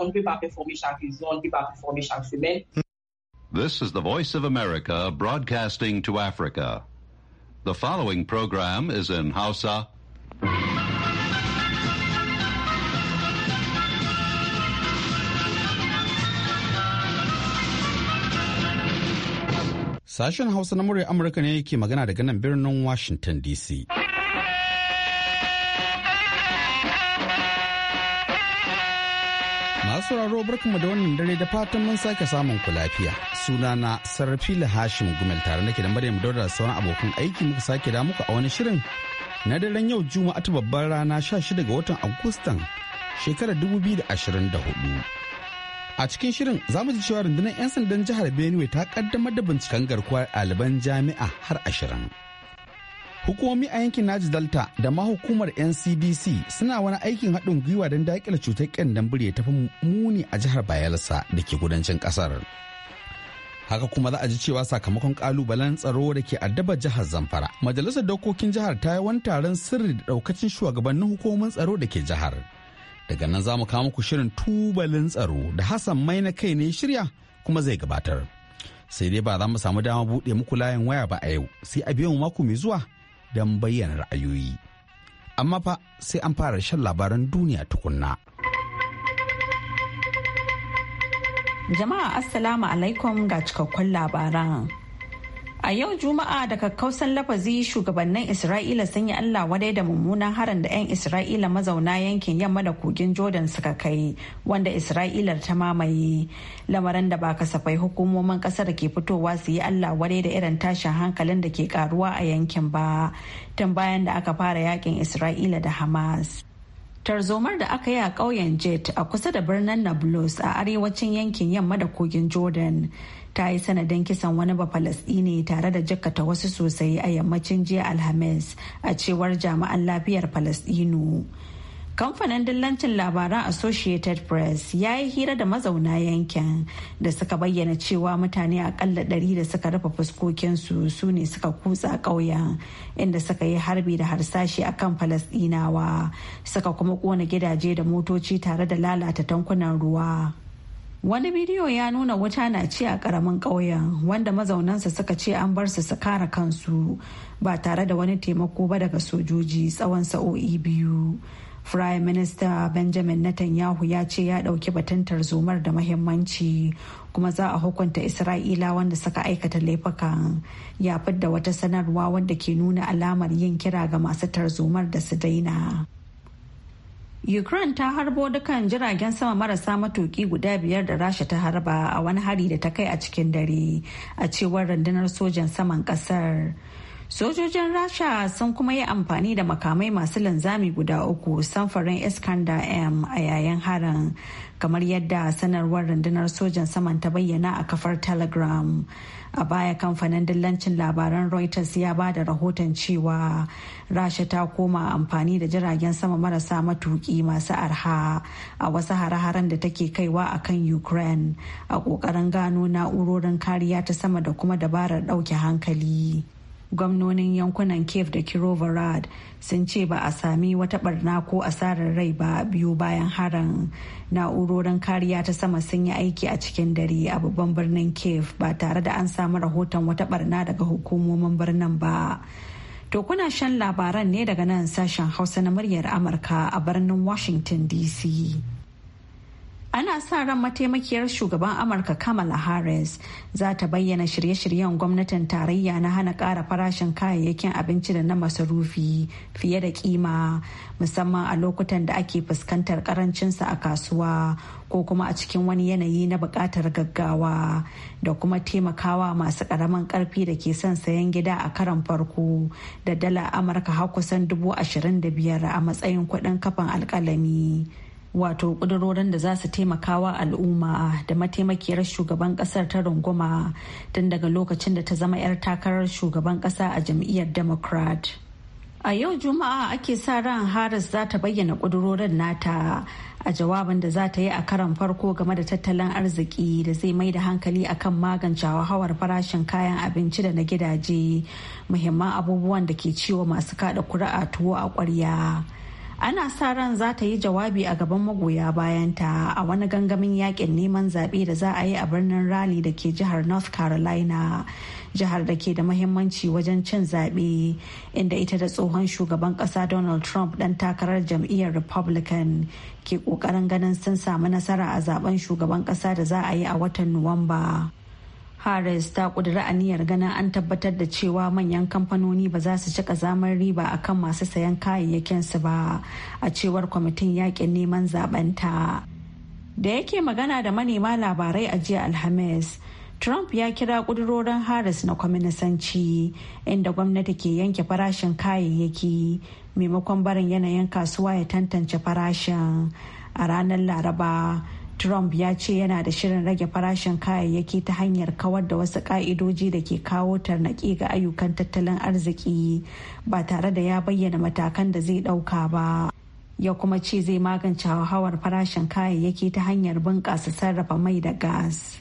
on peut pas performer chaque jour, on peut pas performer chaque semaine. This is the Voice of America broadcasting to Africa. The following program is in Hausa. Sashen Hausa na murya Amurka ne ke magana daga nan birnin Washington DC. sauraro sauraro barkanmu da wannan dare da fatan mun sake samun ku lafiya. Sunana Sarfila Hashim Gumel tare nake da Maryam Dauda da sauran abokan aiki muka sake da muku a wani shirin na daren yau Juma'a ta babbar rana 16 ga watan Agustan shekarar 2024. A cikin shirin za mu ji cewa rundunar 'yan sandan jihar Benue ta kaddamar da binciken garkuwar ɗaliban jami'a har ashirin. Hukumomi a yankin Naji Delta da ma hukumar NCDC suna wani aikin haɗin gwiwa don daƙile cutar ƙyandan bire ta muni a jihar Bayelsa da ke kudancin ƙasar. haka kuma za a ji cewa sakamakon ƙalubalen tsaro da ke addaba jihar zamfara majalisar dokokin jihar ta yi wani taron sirri da ɗaukacin shugabannin hukumomin tsaro da ke jihar daga nan za mu kawo muku shirin tubalin tsaro da hassan mai na kai ne shirya kuma zai gabatar sai dai ba za mu samu dama buɗe muku layin waya ba a yau sai a biyan mako mai zuwa don bayyana ra'ayoyi. Amma fa sai an fara shan labaran duniya tukunna. Jama'a Assalamu alaikum ga cikakkun labaran. A yau Juma'a da kakkausan lafazi shugabannin Isra'ila sun yi Allah wadai da mummunan harin da 'yan Isra'ila mazauna yankin yamma da kogin Jordan suka kai wanda Isra'ila ta mamaye. Lamarin da ba kasafai hukumomin kasar ke fitowa su yi Allah wadai da irin tashin hankalin da ke karuwa a yankin ba tun bayan da aka fara yakin Isra'ila da Hamas. tarzomar da aka yi a ƙauyen jet a kusa da birnin nablus a arewacin yankin yamma da kogin jordan ta yi sanadin kisan wani ba bafalastini tare da jikkata wasu sosai a yammacin jiya alhamis a cewar jami'an lafiyar falasɗinu kamfanin dillancin labaran associated press ya yi hira da mazauna yankin da suka bayyana cewa mutane akalla ɗari da suka rufe fuskokinsu su ne suka kutsa ƙauyen inda suka yi harbi da harsashi a kan falasɗinawa suka kuma ƙona gidaje da motoci tare da lalata tankunan ruwa wani bidiyo ya nuna wuta na ci a ƙaramin ƙauyen wanda mazaunansa suka ce an bar su su kare kansu ba tare da wani taimako ba daga sojoji tsawon sa'o'i biyu Prime Minister Benjamin Netanyahu ya ce ya ɗauki batun tarzomar da mahimmanci kuma za a hukunta Isra'ila wanda suka aikata laifukan ya fidda wata sanarwa wadda ke nuna alamar yin kira ga masu tarzomar da su daina. Ukraine ta harbo dukan jiragen sama marasa matuki guda biyar da rasha ta harba a wani hari da ta kai a cikin dare a cewar rundunar sojan saman kasar. sojojin rasha sun kuma yi amfani da makamai masu linzami guda uku samfarin iskandar m a yayin harin kamar yadda sanarwar rundunar sojan saman ta bayyana a kafar telegram a baya kamfanin dillancin labaran reuters ya ba da rahoton cewa rasha ta koma amfani da jiragen sama marasa matuki masu arha a wasu hare-haren da take kaiwa a kan ukraine a kokarin gano na'urorin kariya ta sama da kuma dabarar dauke hankali gwamnonin yankunan Kiev da Kirovarad sun ce ba a sami wata barna ko asarar rai ba biyu bayan harin na'urorin kariya ta sama sun yi aiki a cikin dare a babban birnin Kiev ba tare da an samu rahoton wata barna daga hukumomin birnin ba. To kuna shan labaran ne daga nan sashen Hausa na muryar Amurka a birnin Washington DC. ana sa ran mataimakiyar shugaban amurka kamala harris za ta bayyana shirye-shiryen gwamnatin tarayya na hana ƙara farashin kayayyakin abinci da na masarufi fiye da kima musamman a lokutan da ake fuskantar karancinsa a kasuwa ko kuma a cikin wani yanayi na buƙatar gaggawa da kuma taimakawa masu ƙaramin ƙarfi da ke son sayan gida a karan farko da dala amurka har kusan dubu ashirin da biyar a matsayin kuɗin kafan alƙalami. wato kudurorin da za su taimakawa al'umma da mataimakiyar shugaban kasar ta runguma tun daga lokacin da ta zama 'yar takarar shugaban kasa a jam'iyyar democrat a yau juma'a ake sa ran harris za ta bayyana kudurorin nata a jawabin da za ta yi a karan farko game da tattalin arziki da zai mai da hankali akan magance hawar farashin kayan abinci da na gidaje muhimman abubuwan da ke ciwo masu kada kuri'a tuwo a kwarya. ana sa ran za ta yi jawabi a gaban magoya bayanta a wani gangamin yakin neman zaɓe da za a yi a birnin rally da ke jihar north carolina jihar da ke da mahimmanci wajen cin zaɓe inda ita da tsohon shugaban ƙasa donald trump ɗan takarar jam'iyyar republican ke ƙoƙarin ganin sun samu nasara a zaben shugaban ƙasa da za a yi a watan nuwamba Harris ta kudura aniyar ganin an tabbatar da cewa manyan kamfanoni ba za su ci zaman riba a kan masu sayan kayayyakinsu ba a cewar kwamitin yakin neman zabanta. Da yake magana da manema labarai a jiya Alhamis, Trump ya kira kudurorin Harris na kwaminisanci inda gwamnati ke yanke farashin kayayyaki maimakon barin yanayin kasuwa ya tantance farashin a ranar Laraba. Trump ya ce yana da shirin rage farashin kayayyaki ta hanyar kawar da wasu ka'idoji da ke kawo tarnaƙi ga ayyukan tattalin arziki ba tare da ya bayyana matakan da zai ɗauka ba. Ya kuma ce zai magance hauhawar farashin kayayyaki ta hanyar bunƙasa sarrafa mai da gas.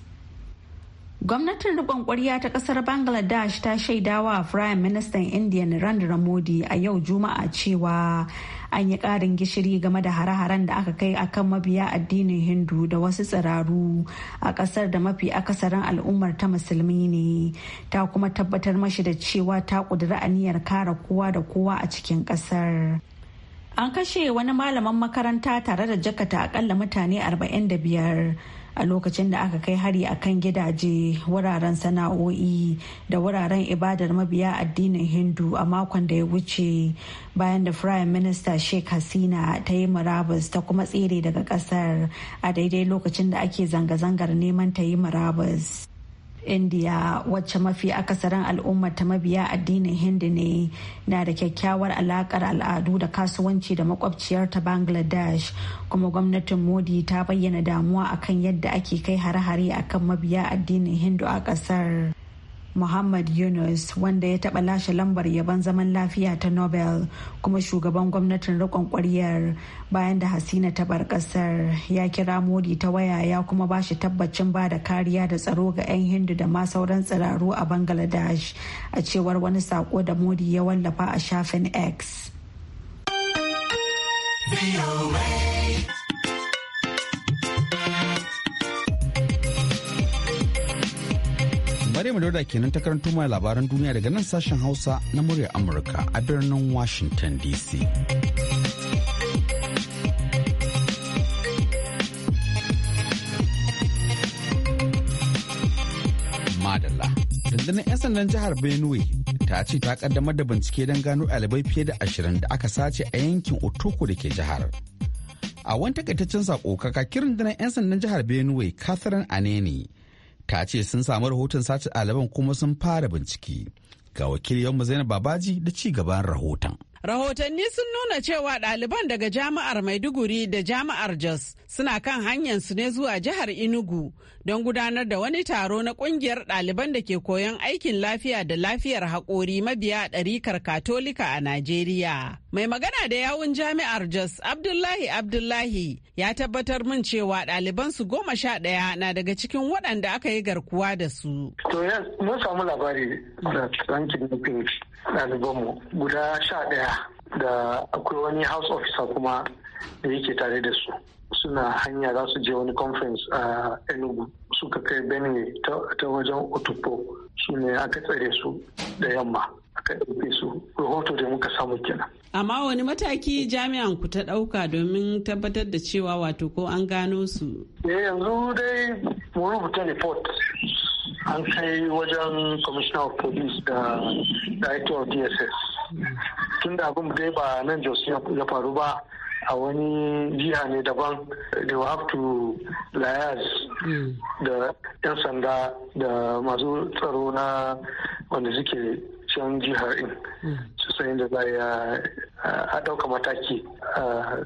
Gwamnatin riƙon ƙwarya ta ƙasar Bangladesh ta shaidawa Firayim Ministan Indiya Narendra Modi a yau Juma'a cewa an yi ƙarin gishiri game da hare-haren da aka kai akan mabiya addinin hindu da wasu tsiraru a ƙasar da mafi akasarin al'ummar ta musulmi ne ta kuma tabbatar mashi da cewa ta ƙudiri aniyar kare kowa da kowa a cikin ƙasar an kashe wani malaman makaranta tare da jakata akalla mutane 45 a lokacin da aka kai hari a kan gidaje wuraren sana'o'i da wuraren ibadar mabiya addinin hindu a makon da ya wuce bayan da prime minister sheikh hasina ta yi murabus ta kuma tsere daga kasar a daidai lokacin da ake zanga-zangar neman ta yi murabus india wacce mafi akasarin al'ummar ta mabiya addinin hindu ne na da kyakkyawar alakar al'adu da kasuwanci da makwabciyar ta bangladesh kuma gwamnatin modi ta bayyana damuwa akan yadda ake kai hare-hare akan mabiya addinin hindu a kasar Muhammad Yunus wanda ya taɓa lashe lambar yabon zaman lafiya ta Nobel kuma shugaban gwamnatin riƙon ƙwaryar bayan da Hasina ta bar ƙasar ya kira Modi ta waya ya kuma ba shi tabbacin ba da kariya da tsaro ga 'yan Hindu da ma sauran tsiraru a Bangladesh a cewar wani sako da Modi ya wallafa a shafin X. mu Dauda kenan ta karanto mai labaran duniya daga nan sashen Hausa na muryar Amurka a birnin Washington DC. Madalla. Dandanin 'yan sandan jihar Benue ta ce ta kaddamar da bincike don gano ɗalibai fiye da ashirin da aka sace a yankin Otoko da ke jihar. A wani takaitaccen sako kakakin dana 'yan sandan jihar Benue Catherine Aneni ta ce sun samu rahoton sace ɗaliban kuma sun fara bincike ga wakiliyarmu zainab babaji da ci gaban rahoton Rahotanni sun nuna cewa ɗaliban daga jami'ar Maiduguri da jami'ar Jos suna kan hanyarsu ne zuwa jihar Enugu don gudanar da wani taro na kungiyar ɗaliban da ke koyon aikin lafiya da lafiyar haƙori mabiya ɗarikar Katolika a Najeriya. Mai magana da yawun jami'ar Jos Abdullahi Abdullahi ya tabbatar min cewa ɗaliban su goma sha ɗaya na daga cikin waɗanda aka yi garkuwa da su. To mun samu labari da rankin nufin ɗalibanmu guda sha ɗaya da akwai wani house officer kuma da yake tare da su. suna hanya za su je wani conference a enugu suka kai benue ta wajen otupo su ne aka tsare su da yamma aka ɗauke su rahoto da muka samu kenan amma wani mataki jami'an ku ta ɗauka domin tabbatar da cewa wato ko an gano su eh, yanzu dai mu rubuta report an kai wajen commissioner of police da director of dss tunda abin dai ba nan jos ya faru ba a wani jiha ne daban they will have to liaise hmm. da 'yan sanda da masu tsaro na wanda suke can jihar in hmm. su sayin da za a ɗauka mataki a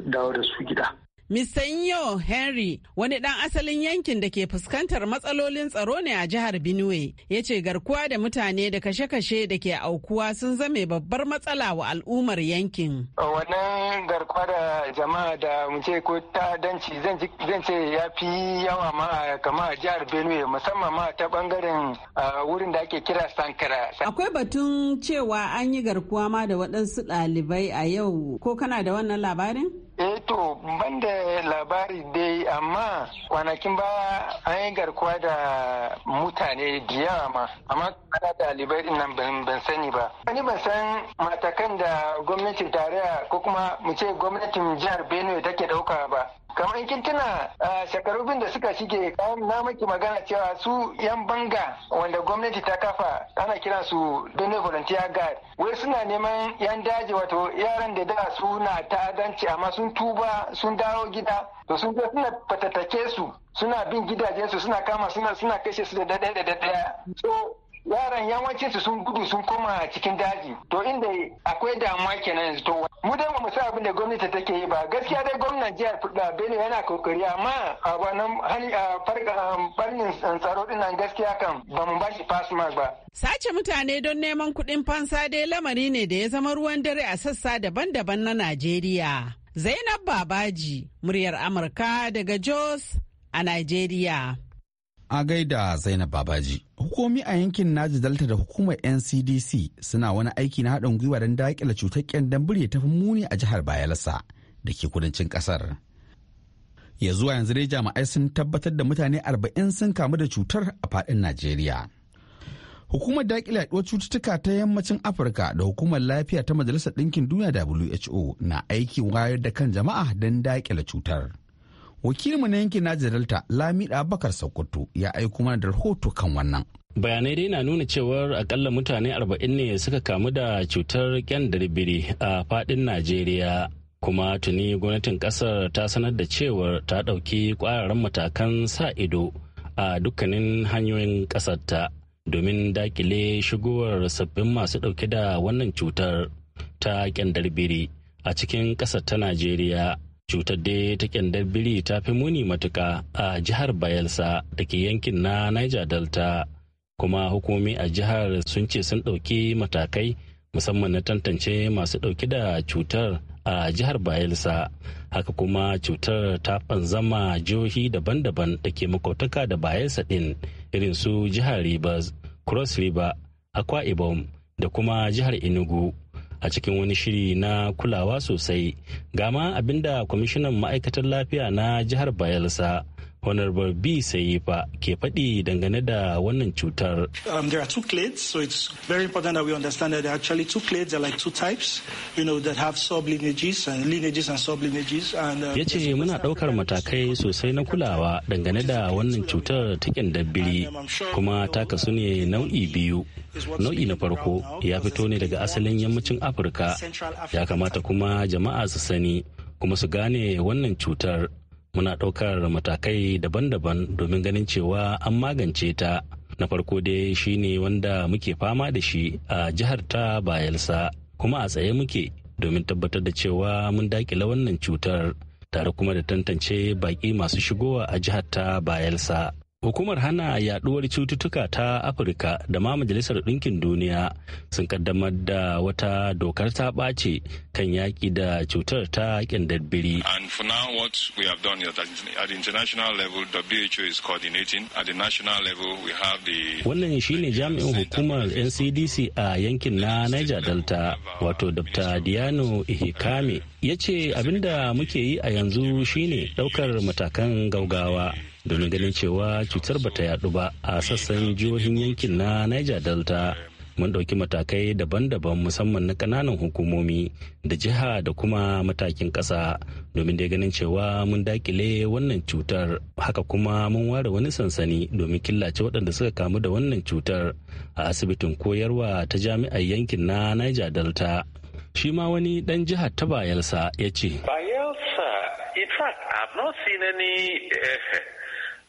dawo da su gida Misanyo Henry, wani ɗan asalin yankin da ke fuskantar matsalolin tsaro ne a jihar Benue, ya ce garkuwa da mutane da kashe-kashe da ke aukuwa sun zame babbar matsala wa al'ummar yankin. Oh, wannan garkuwa da jama'a da muke ko ta'addanci zan ce ya fi yawa ma kama a jihar Benue musamman ma ta bangaren wurin da ake kira Sankara. Akwai batun cewa an yi garkuwa ma da waɗansu ɗalibai a yau ko kana da wannan labarin? eh to ban da labari dai amma kwanakin baya an yi garkuwa da mutane da yawa ma amma kada ɗalibai din nan ban sani ba Wani ban san matakan da gwamnatin tarayya ko kuma mu ce gwamnatin jihar benue take ɗauka ba kamar in kin tuna shekaru bin da suka shige na maki magana cewa su yan banga wanda gwamnati ta kafa ana kiran su dole volunteer guard wai suna neman yan daji wato yaran da da su suna ta'adanci amma sun tuba sun dawo gida to sun je suna fatattake su suna bin gidajensu suna kama suna suna kashe su da daɗaya da daɗaya so yaran yawancin su sun gudu sun koma cikin daji to inda akwai damuwa kenan yanzu to mu dai mu sa abin da gwamnati take yi ba gaskiya dai gwamnan jihar Fulda Bello yana kokari amma a wannan hali a farnin tsaro din nan gaskiya kan ba mu bashi pass ba sace mutane don neman kuɗin fansa dai lamari ne da ya zama ruwan dare a sassa daban-daban na Najeriya Zainab Babaji muryar Amurka daga Jos a Najeriya a gaida Zainab Babaji Hukumi a yankin Naji Delta da hukumar NCDC suna wani aiki na haɗin gwiwa don daƙila cutar ƙyandan biri tafi muni a jihar Bayelsa da ke kudancin ƙasar. Ya zuwa yanzu dai jami'ai sun tabbatar da mutane arba'in sun kamu da cutar a faɗin Najeriya. Hukumar daƙila yaɗuwar cututtuka ta yammacin Afirka da hukumar lafiya ta Majalisar Ɗinkin Duniya WHO na aiki wayar da kan jama'a don daƙila cutar. wakilinmu na yankin Najeriya Delta Lamida Bakar Sokoto ya aiko mana da rahoto kan wannan. bayanai dai na nuna cewar akalla mutane 40 ne suka kamu da cutar kyandirbiri a fadin najeriya kuma tuni gwamnatin kasar ta sanar da cewar ta ɗauki ƙwararren matakan sa ido a dukkanin hanyoyin ƙasarta domin dakile shigowar sabbin masu ɗauke da wannan cutar ta kyandarbiri a cikin ƙasar ta najeriya cutar da ta kyandar biri ta fi muni matuka a jihar bayelsa da ke yankin na niger delta kuma hukumomi a jihar sun ce sun ɗauki matakai musamman na tantance masu ɗauki da cutar a jihar bayelsa haka kuma cutar ta zama jihohi daban-daban da ke makautaka da bayelsa ɗin irin su jihar rivers cross river akwa ibom da kuma jihar enugu a cikin wani shiri na kulawa sosai gama abinda kwamishinan ma'aikatar lafiya na jihar bayelsa honorable b sayifa ke faɗi dangane da wannan cutar um, there are two clades so it's very important that we understand that there are actually two clades are like two types you know that have sub lineages and lineages and sub lineages and uh, yace muna ɗaukar matakai sosai na kulawa dangane da wannan cutar tikin dabbiri um, kuma ta kasu ne uh, nau'i biyu nau'i na farko ya fito ne daga asalin yammacin afirka ya kamata kuma jama'a su sani kuma su gane wannan cutar muna ɗaukar matakai daban-daban domin ganin cewa an magance ta na farko dai shine wanda muke fama da shi a jihar ta bayelsa kuma a tsaye muke domin tabbatar da cewa mun dakila wannan cutar tare kuma da tantance baƙi masu shigowa a jihar ta bayelsa Hukumar hana yaduwar cututtuka ta Afirka da ma Majalisar Ɗinkin Duniya sun kaddamar da wata dokar ta ɓace kan yaƙi da cutar ta ƙyandabbiri. And for now what we have done is that at the international level WHO is coordinating at the national level we have the Wannan shine jami'in hukumar NCDC a yankin na Niger Delta wato Dr. Diano Ihikame ya ce abinda muke yi a yanzu shine ɗaukar matakan gaugawa. domin ganin cewa cutar bata yadu ba a sassan jihohin yankin na niger delta mun ɗauki matakai daban-daban musamman na ƙananan hukumomi da jiha da kuma matakin ƙasa domin dai ganin cewa mun dakile wannan cutar haka kuma mun ware wani sansani domin killace waɗanda suka kamu da wannan cutar a asibitin koyarwa ta jami'ar yankin na niger delta shi ma wani ɗan jiha ta bayelsa ya ce bayelsa in fact i've not seen any eh,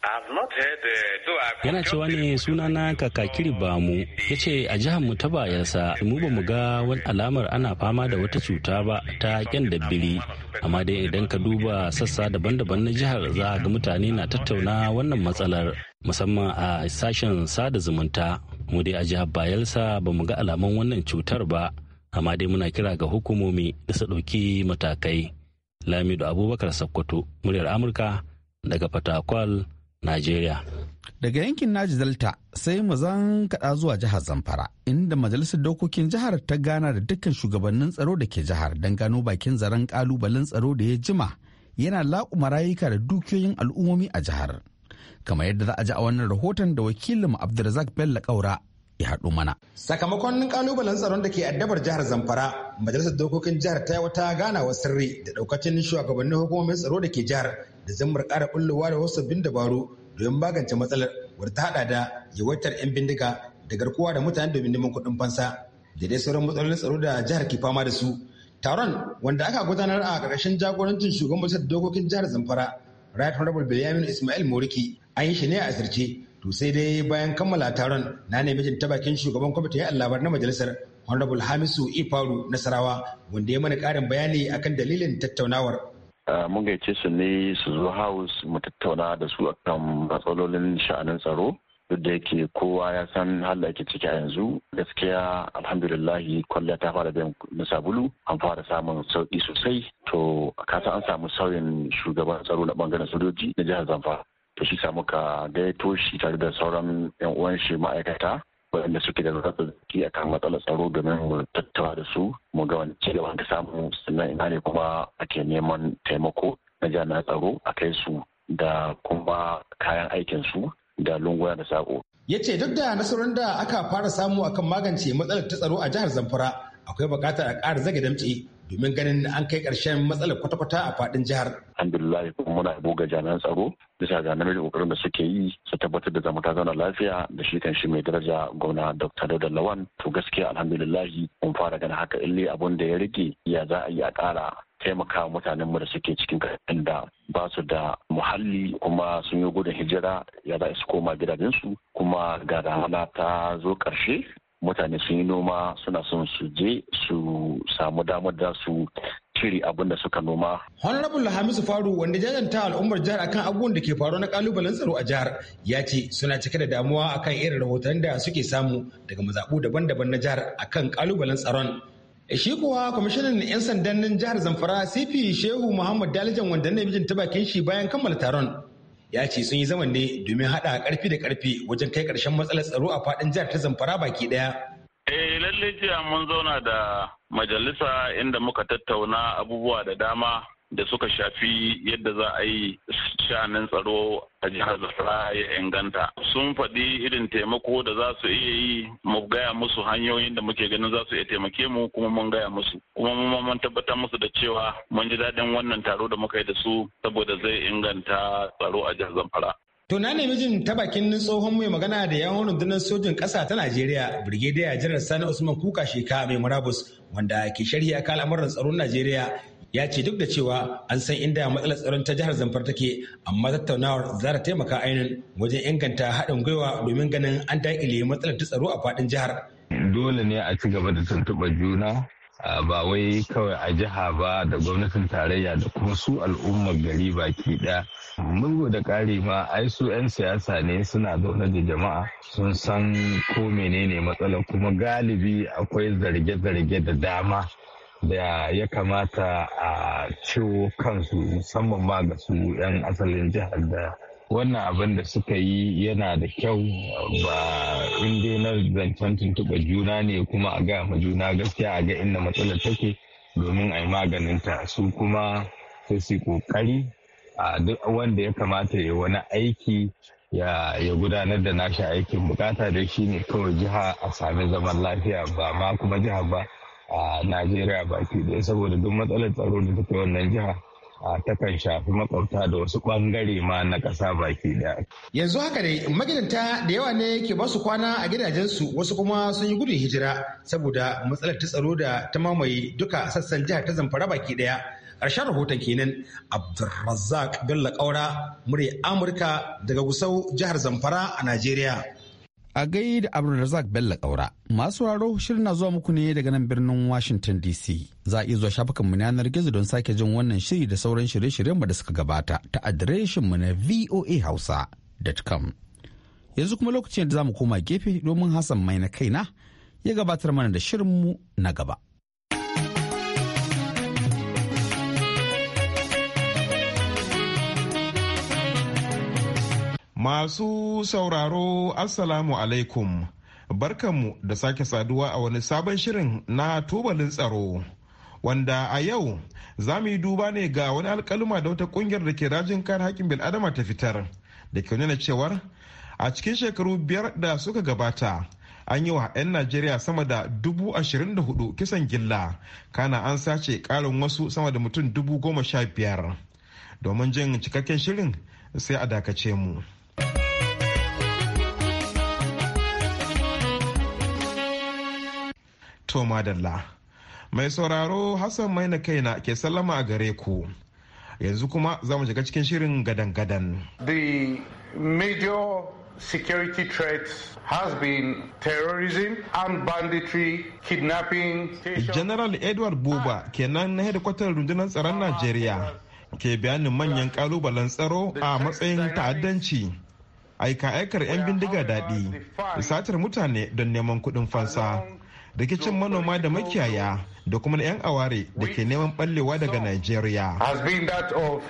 Uh, Yana cewa ne suna sunana kakakiri mu. ya ce a jihar mu ta bayansa mu ba mu ga wani alamar ana fama da wata cuta ba ta kyan biri. amma dai idan ka duba sassa daban-daban na jihar za ga mutane na tattauna wannan matsalar musamman a sashen sada zumunta mu dai a jihar bayelsa ba mu ga alaman wannan cutar ba amma dai muna kira ga hukumomi da su ɗauki matakai lamido abubakar sakkwato muryar amurka daga fatakwal Najeriya. Daga yankin Naji Delta sai mu zan kaɗa zuwa jihar Zamfara inda majalisar dokokin jihar ta gana da dukkan shugabannin tsaro da ke jihar don gano bakin zaren ƙalubalen tsaro da ya jima yana laƙuma rayuka da dukiyoyin al'ummomi a jihar. Kamar yadda za a ji a wannan rahoton da wakilin Abdulrazak Bello Kaura ya haɗu mana. Sakamakon ƙalubalen tsaron da ke addabar jihar Zamfara, majalisar dokokin jihar ta yi wata ganawa sirri da ɗaukacin shugabannin hukumomin tsaro da ke jihar da zammar ƙara bullowa da wasu sabbin dabaru domin magance matsalar wadda ta hada da yawaitar 'yan bindiga da garkuwa da mutane domin neman kuɗin fansa da dai sauran matsalolin tsaro da jihar ke fama da su. Taron wanda aka gudanar a ƙarƙashin jagorancin shugaban majalisar dokokin jihar Zamfara, Right Honorable Benjamin Ismail Moriki, an yi shi ne a asirce. To sai dai bayan kammala taron na nemi jin ta bakin shugaban kwamitin yan labar na majalisar Honorable Hamisu Ifaru Nasarawa wanda ya mana ƙarin bayani akan dalilin tattaunawar. Eh, mun gaice su ne su zo house mu tattauna da su akan matsalolin sha'anin tsaro duk da yake kowa ya san halin ake ciki a yanzu gaskiya alhamdulillah kwalliya ta fara biyan na sabulu an fara samun sauki sosai to kasa an samu sauyin shugaban tsaro na bangaren sojoji na jihar zamfara to shi samu ka gaito shi tare da sauran yan uwan shi ma'aikata waɗanda suke da zafi a kan matsalar tsaro domin mu tattawa da su mu ga wani cigaba da samu sannan ina ne kuma ake neman taimako na jami'an tsaro a kai su da kuma kayan aikin su da lunguna da sako. Ya ce duk da nasarar da aka fara samu akan magance matsalar ta tsaro a jihar Zamfara akwai buƙatar a ƙara zage damce domin ganin an kai ƙarshen matsalar kwata-kwata a faɗin jihar. Alhamdulillah kuma muna yabo ga jami'an tsaro bisa ga namiji kokarin da suke yi su tabbatar da zama ta zauna lafiya da shi kan shi mai daraja gwamna Dr. Dauda Lawan to gaskiya alhamdulillah mun fara ganin haka illi abun da ya rike ya za a yi a ƙara taimaka mutanen mu da suke cikin ƙarƙashin da ba su da muhalli kuma sun yi gudun hijira ya za su koma gidajensu kuma ga damana ta zo ƙarshe mutane sun yi noma suna son su je su samu damar da su cire abin da suka noma. Honorable Hamisu Faru wanda jajanta al'ummar jihar akan abubuwan da ke faru na kalubalen tsaro a jihar ya ce suna cike da damuwa akan irin rahoton da suke samu daga mazaɓu daban-daban na jihar a kan kalubalen tsaron. Shi kuwa kwamishinan 'yan sandan jihar Zamfara CP Shehu Muhammad Dalijan wanda na bijin ta bakin shi bayan kammala taron ya ce sun yi zaman ne domin haɗa ƙarfi da ƙarfi wajen kai ƙarshen matsalar tsaro a fadin jihar ta zamfara baki ɗaya. eh lallai jiya mun zauna da majalisa inda muka tattauna abubuwa da dama da suka shafi yadda za a yi shanin tsaro a jihar zafara ya inganta. Sun faɗi irin taimako da za su iya yi mu gaya musu hanyoyin da muke ganin za su iya taimake mu kuma mun gaya musu. Kuma mun mun tabbatar musu da cewa mun ji daɗin wannan taro da muka yi da su saboda zai inganta tsaro a jihar Zamfara. To na nemi jin ta bakin tsohon mai magana da yawon rundunar sojin kasa ta Najeriya, Brigadier General Sani Usman Kuka Sheka mai murabus wanda ke shari'a akan al'amuran tsaron Najeriya ya ce duk da cewa an san inda matsalar tsaron ta jihar zamfara take amma tattaunawar za ta taimaka ainihin wajen inganta haɗin gwiwa domin ganin an daƙile matsalar ta tsaro a faɗin jihar. dole ne a ci gaba da tuntuɓar juna ba wai kawai a jiha ba da gwamnatin tarayya da kuma su al'ummar gari baki ɗaya mun da ƙari ma ai su 'yan siyasa ne suna zaune da jama'a sun san ko menene matsala kuma galibi akwai zarge-zarge da dama da ya kamata a ciwo kansu musamman ma ga su 'yan asalin jihar da wannan abin da suka yi yana da kyau ba inda na zancen tuntuɓa juna ne kuma a ga ma juna gaskiya a ga inda matsalar take domin a yi maganinta su kuma sai su kokari a duk wanda ya kamata ya wani aiki ya gudanar da nashi aikin bukata da shi ne kawai jiha a sami zaman lafiya ba ma kuma jiha ba a najeriya baki ɗaya saboda duk matsalar tsaro da take wannan jiha takan shafi makwabta da wasu bangare ma na ƙasa baki ɗaya. Yanzu haka dai magidanta da yawa ne ke basu kwana a gidajensu wasu kuma sun yi gudun hijira saboda matsalar ta tsaro da ta mamaye duka sassan jihar ta zamfara baki ɗaya. Ƙarshen rahoton kenan Abdulrazzaq Bello Kaura murya Amurka daga Gusau jihar Zamfara a Najeriya. a gai da abdulrazak bello kaura masu raro shirin na zuwa muku ne daga nan birnin washington dc za a iya zuwa shafukan mu yanar gizo don sake jin wannan shiri da sauran shirye-shiryen mu da suka gabata ta adireshin mu na voahausa.com yanzu kuma lokacin da za mu koma gefe domin hassan mai na kaina ya gabatar mana da shirin mu na gaba. Masu sauraro Assalamu alaikum. Barkanmu da sake saduwa a wani sabon shirin na tubalin tsaro. Wanda a yau za mu yi duba ne ga wani alkaluma da wata kungiyar da ke rajin kan haƙƙin bil'adama ta fitar da ke nuna cewar a cikin shekaru biyar da suka gabata an yi wa 'yan Najeriya sama da dubu ashirin da hudu kisan gilla kana an sace ƙarin wasu sama da mutum dubu goma sha biyar. Domin jin cikakken shirin sai a dakace mu. to madalla mai sauraro hassan maina kaina ke sallama a gare ku yanzu kuma za mu shiga cikin shirin gadan-gadan the major security threats has been terrorism and banditry kidnapping general edward buba kenan na hedikwatar rundunar tsaron najeriya ke bayanin manyan kalubalen tsaro a matsayin ta'addanci aika aikar 'yan bindiga daɗi satar mutane don neman kuɗin fansa rikicin manoma da makiyaya da kuma na 'yan aware da ke neman ɓallewa daga Nigeria. has been that of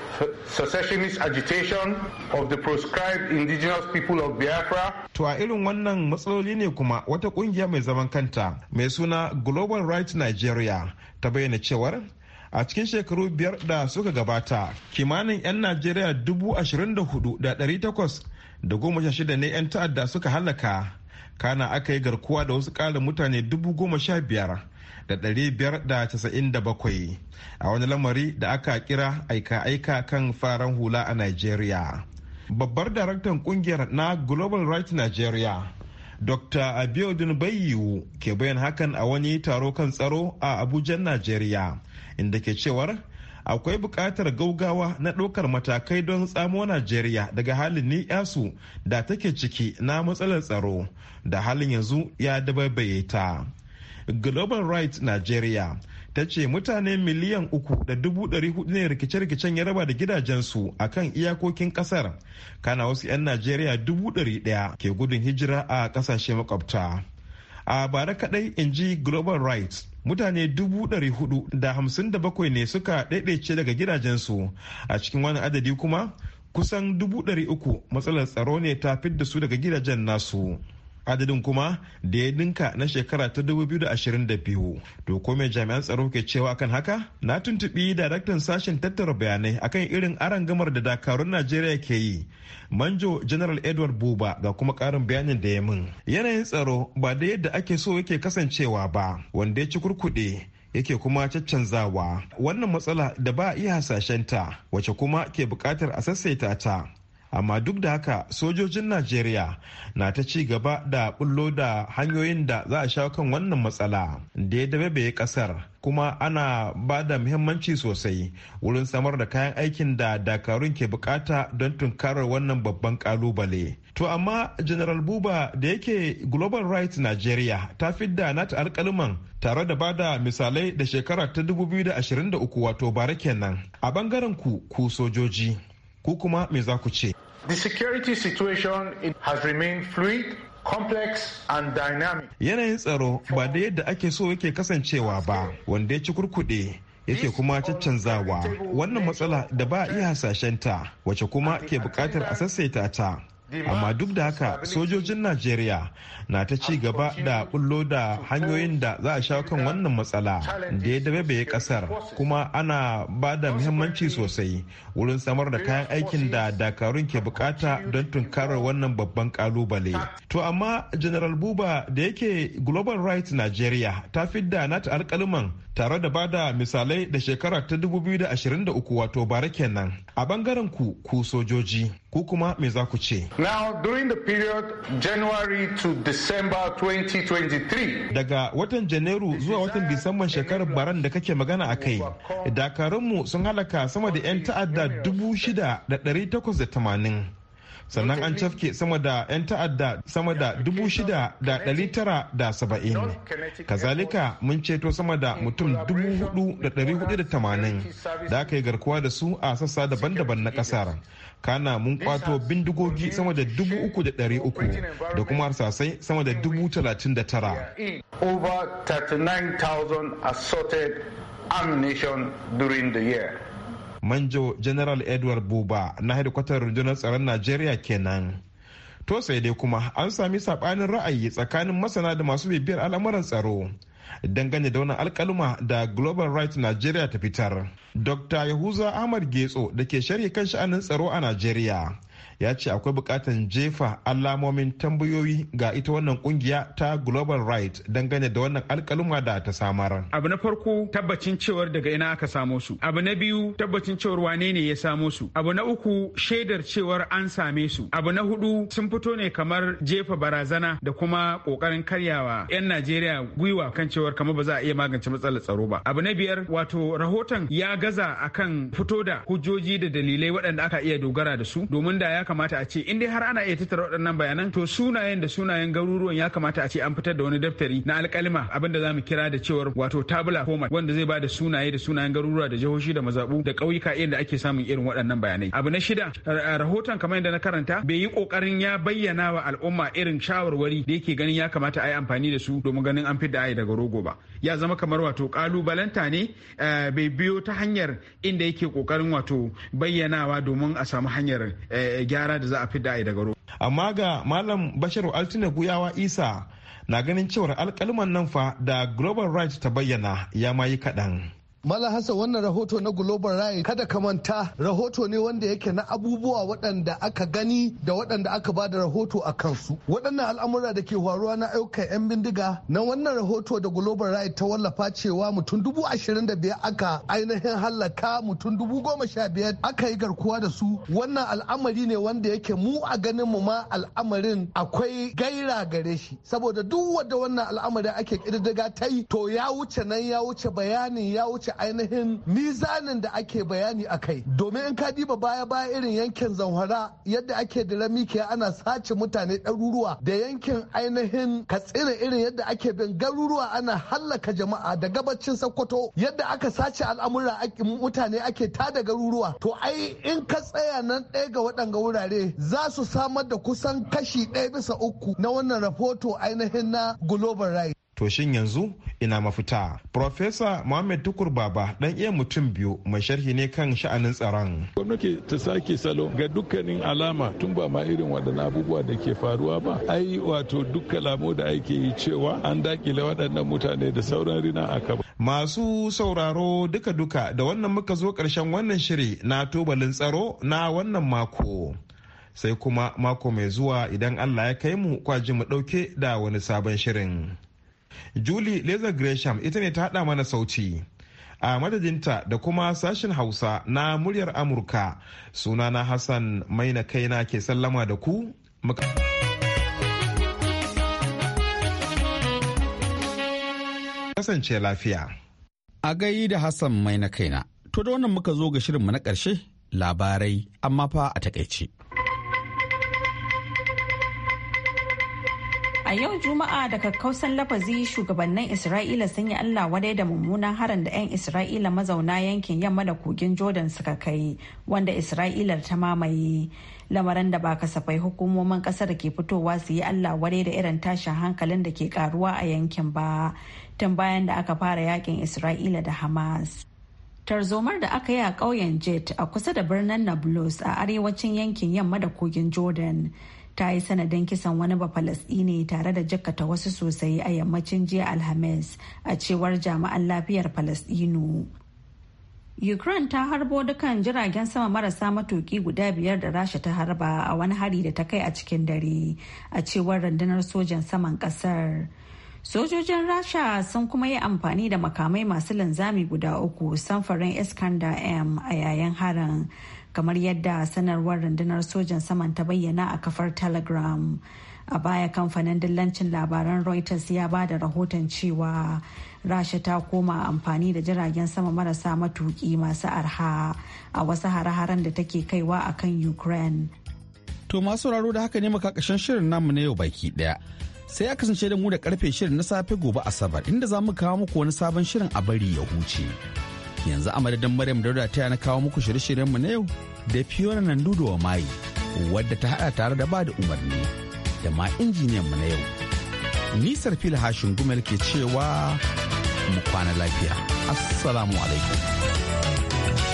secessionist agitation of the proscribed indigenous people of Biafra. To a irin wannan matsaloli ne kuma wata ƙungiya mai zaman kanta mai suna Global Rights Nigeria ta bayyana cewar a cikin shekaru biyar da suka gabata kimanin 'yan Najeriya dubu ashirin da hudu da ɗari takwas da goma sha shida ne 'yan ta'adda suka halaka kana aka yi garkuwa da wasu kalin mutane dubu goma sha biyar da ɗari biyar da casa'in da bakwai a wani lamari da aka kira aika-aika kan fararen hula a nigeria babbar daraktan kungiyar na global rights nigeria dr abiodun bayyiwu ke bayan hakan a wani taro kan tsaro a abuja nigeria inda ke cewar akwai bukatar gaugawa na ɗaukar matakai don tsamo najeriya daga halin ni'yasu da take ciki na matsalar tsaro da halin yanzu ya dabaibaye ta global rights nigeria ta ce mutane miliyan uku da dubu ɗari hudu ne rikice-rikicen ya raba da gidajensu a kan iyakokin ƙasar kana wasu 'yan najeriya dubu ɗari ɗaya ke gudun hijira a ƙasashe makwabta a bara kadai in ji global rights mutane dubu ɗari hudu da hamsin da bakwai ne suka ɗaiɗaice daga gidajensu a cikin wani adadi kuma kusan dubu uku matsalar tsaro ne ta fidda su daga gidajen nasu adadin kuma da ya dinka na shekara ta 2022 to ko mai jami'an tsaro ke cewa akan haka na tuntubi daraktan sashen tattara bayanai akan irin gamar da dakarun najeriya ke yi manjo general edward buba ga kuma karin bayanin da ya min yanayin tsaro ba da yadda ake so yake kasancewa ba wanda ya ci kurkuɗe yake kuma caccanzawa wannan matsala da ba a iya hasashenta wace kuma ke buƙatar a sassaita ta amma duk da haka sojojin najeriya na ta ci gaba da bullo da hanyoyin da za a shawo kan wannan matsala da ya dabe kasar kuma ana ba da muhimmanci sosai wurin samar da kayan aikin da dakarun ke bukata don tunkarar wannan babban kalubale to amma general buba da yake global rights nigeria ta fidda nata alkaliman tare da bada misalai da shekara ta 2023 wato bara kenan a bangaren ku ku sojoji ku kuma me za ku ce The security situation has remained fluid complex and dynamic. Yanayin tsaro ba da yadda ake so yake kasancewa ba, wanda ya ci kurkuɗe yake kuma caccanzawa. Wannan matsala da ba a iya hasashenta, wace kuma ke bukatar a sassaita ta. amma duk da haka sojojin najeriya na ta ci gaba da bullo da hanyoyin da za a shawo kan wannan matsala da ya dababaye kasar kuma ana ba da muhimmanci sosai wurin samar da kayan aikin da dakarun ke bukata don tunkarar wannan babban kalubale to amma general buba da yake global rights nigeria ta fidda nata alkaliman tare da bada misalai da shekara ta 2023 wato bara kenan a bangaren ku ku sojoji ku kuma me za ku ce now during the period january to december 2023 daga watan janairu zuwa watan disamban shekarar baran da kake magana a kai dakarunmu sun halaka sama da 'yan ta'adda 6,880 sannan an cafke sama da 'yan ta'adda sama da 6,970 kazalika mun ceto sama da mutum 4,480 da aka yi garkuwa da su a sassa daban-daban na kasar kana mun kwato bindigogi sama da 3,300 da kuma harsasai sama da 39,000 over 39,000 assorted ammunition during the year. manjo general edward buba na hedikwatar rundunar tsaron najeriya kenan to sai dai kuma an sami sabanin ra'ayi tsakanin masana da masu bibiyar al'amuran tsaro dangane da wani alkaluma da global rights nigeria ta fitar dr yahuza ahmad getso da ke shari kan sha'anin tsaro a Najeriya. ya ce akwai bukatan jefa alamomin tambayoyi ga ita wannan kungiya ta global right dangane da wannan alkaluma da ta samar abu na farko tabbacin cewar daga ina aka samo su abu na biyu tabbacin cewar wane ne ya samo su abu na uku shaidar cewar an same su abu na hudu sun fito ne kamar jefa barazana da kuma kokarin karyawa 'yan najeriya gwiwa kan cewar kamar ba za a iya magance matsalar tsaro ba abu na biyar wato rahoton ya gaza akan fito da hujjoji da dalilai waɗanda aka iya dogara da su domin da ya ya kamata a ce in dai har ana iya tattara waɗannan bayanan to sunayen da sunayen garuruwan ya kamata a ce an fitar da wani daftari na alƙalima abinda za mu kira da cewar wato tabula format wanda zai ba da sunaye da sunayen garuruwa da jihohi da mazaɓu da ƙauyuka irin da ake samun irin waɗannan bayanai abu na shida rahoton kamar yadda na karanta bai yi ƙoƙarin ya bayyana wa al'umma irin shawarwari da yake ganin ya kamata a yi amfani da su domin ganin an fi ayi daga rogo ba ya zama kamar wato kalubalanta ne eh, bai biyo ta hanyar inda yake kokarin wato bayyanawa domin a samu hanyar eh, gyara da za a fidda a daga amma ga malam bashar altina guyawa isa na ganin cewar alkalman nan fa da global rights ta bayyana ya mayi yi kaɗan Mala Hassan wannan rahoto na Global Rai kada ka manta rahoto ne wanda yake na abubuwa waɗanda aka gani da waɗanda aka ba da rahoto a kansu. Waɗannan al'amura da ke faruwa na ayyukan 'yan bindiga na wannan rahoto da Global Rai ta wallafa cewa mutum dubu ashirin da biyar aka ainihin hallaka mutum dubu goma sha biyar aka yi garkuwa da su wannan al'amari ne wanda yake mu a ganin mu ma al'amarin akwai gaira gare shi saboda duk wanda wannan al'amari ake ƙididdiga ta yi to ya wuce nan ya wuce bayanin ya wuce wuce ainihin mizanin da ake bayani a kai domin in ka diba baya baya irin yankin zanhara yadda ake da ramikiya ana sace mutane ɗaruruwa da yankin ainihin katsina irin yadda ake bin garuruwa ana hallaka jama'a da gabacin sokoto yadda aka sace al'amura mutane ake ta da garuruwa to ai in ka tsaya nan ɗaya ga waɗanga wurare za su samar da kusan kashi ɗaya bisa uku na wannan rahoto ainihin na global right To shin yanzu ina mafita? Profesa Muhammad Tukur Baba dan iya mutum biyu mai sharhi ne kan sha'anin tsaron. Gwamnati ta sake salo ga dukkanin alama tun ba ma irin waɗannan abubuwa da ke faruwa ba. Ai wato duk lamo da ake yi cewa an dakile waɗannan mutane da sauran rina a kaba. Masu sauraro duka-duka da wannan muka zo ƙarshen wannan shiri na tubalin tsaro na wannan mako. Sai kuma mako mai zuwa idan Allah ya kai mu kwaji mu ɗauke da wani sabon shirin. julie laser gresham ita ne ta haɗa mana sauti a madadinta da kuma sashen hausa na muryar amurka sunana hassan maina kaina ke sallama da ku kasance lafiya a gai da hassan maina kaina to da wannan muka zo ga shirinmu na ƙarshe labarai amma fa a takaice A yau Juma'a da kakkausan lafazi shugabannin Isra'ila sun yi Allah wadai da mummunan harin da 'yan Isra'ila mazauna yankin yamma da kogin Jordan suka kai wanda Isra'ilar ta mamaye. Lamarin da ba kasafai hukumomin kasar da ke fitowa su yi Allah wadai da irin tashin hankalin da ke karuwa a yankin ba tun bayan da aka fara yakin Isra'ila da Hamas. tarzomar da aka yi a ƙauyen jet a kusa da birnin nablus a arewacin yankin yamma da kogin jordan ta yi sanadin kisan wani ba bafalastini tare da jakkata wasu sosai a yammacin jiya alhamis a cewar jami'an lafiyar falastinu ukraine ta harbo dukkan jiragen sama marasa matuki guda biyar da rasha ta harba a wani hari da ta kai a cikin dare a cewar rundunar sojan saman kasar sojojin rasha sun kuma yi amfani da makamai masu linzami guda uku samfarin iskandar m a yayin harin kamar yadda sanarwar rundunar sojan saman ta bayyana a kafar telegram a baya kamfanin dillancin labaran reuters ya ba da rahoton cewa rasha ta koma amfani da jiragen sama marasa matuki masu arha a wasu hare-haren da take kaiwa a kan ukraine to masu raro da haka ne kakashin shirin namu na yau baki daya sai ya kasance da mu da karfe shirin na safe gobe asabar inda za mu kawo muku wani sabon shirin a bari ya huce. yanzu a madadin maryam dauda ta na kawo muku shirye mu na yau da fiona nan wa Mai wadda ta haɗa tare da bada umarni da ma injiniyan mu na yau nisar fil hashin gumel ke cewa mu kwana lafiya assalamu alaikum